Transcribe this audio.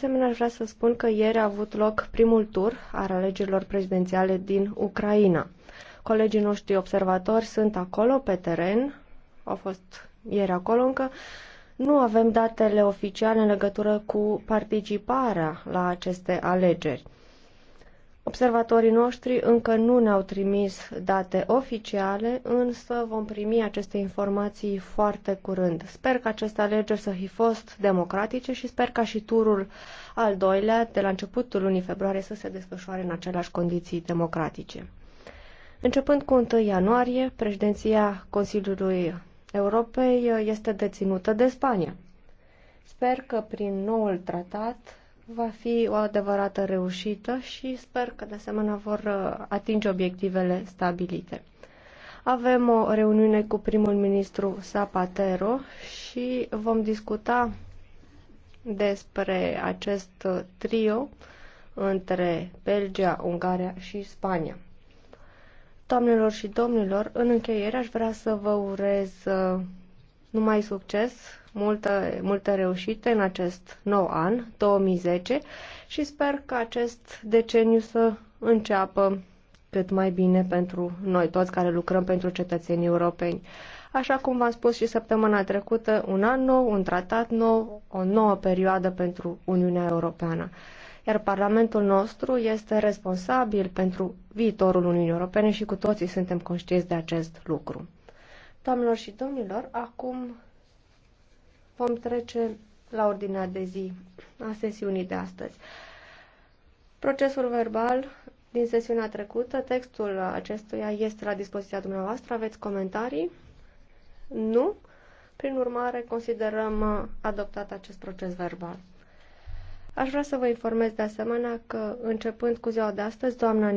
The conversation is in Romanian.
asemenea, aș vrea să spun că ieri a avut loc primul tur al alegerilor prezidențiale din Ucraina. Colegii noștri observatori sunt acolo, pe teren, au fost ieri acolo încă. Nu avem datele oficiale în legătură cu participarea la aceste alegeri. Observatorii noștri încă nu ne-au trimis date oficiale, însă vom primi aceste informații foarte curând. Sper că aceste alegeri să fi fost democratice și sper ca și turul al doilea, de la începutul lunii februarie, să se desfășoare în aceleași condiții democratice. Începând cu 1 ianuarie, președinția Consiliului Europei este deținută de Spania. Sper că prin noul tratat va fi o adevărată reușită și sper că de asemenea vor uh, atinge obiectivele stabilite. Avem o reuniune cu primul ministru Zapatero și vom discuta despre acest uh, trio între Belgia, Ungaria și Spania. Doamnelor și domnilor, în încheiere aș vrea să vă urez uh, numai succes, multă, multă reușită în acest nou an, 2010, și sper că acest deceniu să înceapă cât mai bine pentru noi toți care lucrăm pentru cetățenii europeni. Așa cum v-am spus și săptămâna trecută, un an nou, un tratat nou, o nouă perioadă pentru Uniunea Europeană. Iar Parlamentul nostru este responsabil pentru viitorul Uniunii Europene și cu toții suntem conștienți de acest lucru. Doamnelor și domnilor, acum vom trece la ordinea de zi a sesiunii de astăzi. Procesul verbal din sesiunea trecută, textul acestuia este la dispoziția dumneavoastră. Aveți comentarii? Nu? Prin urmare, considerăm adoptat acest proces verbal. Aș vrea să vă informez de asemenea că, începând cu ziua de astăzi, doamna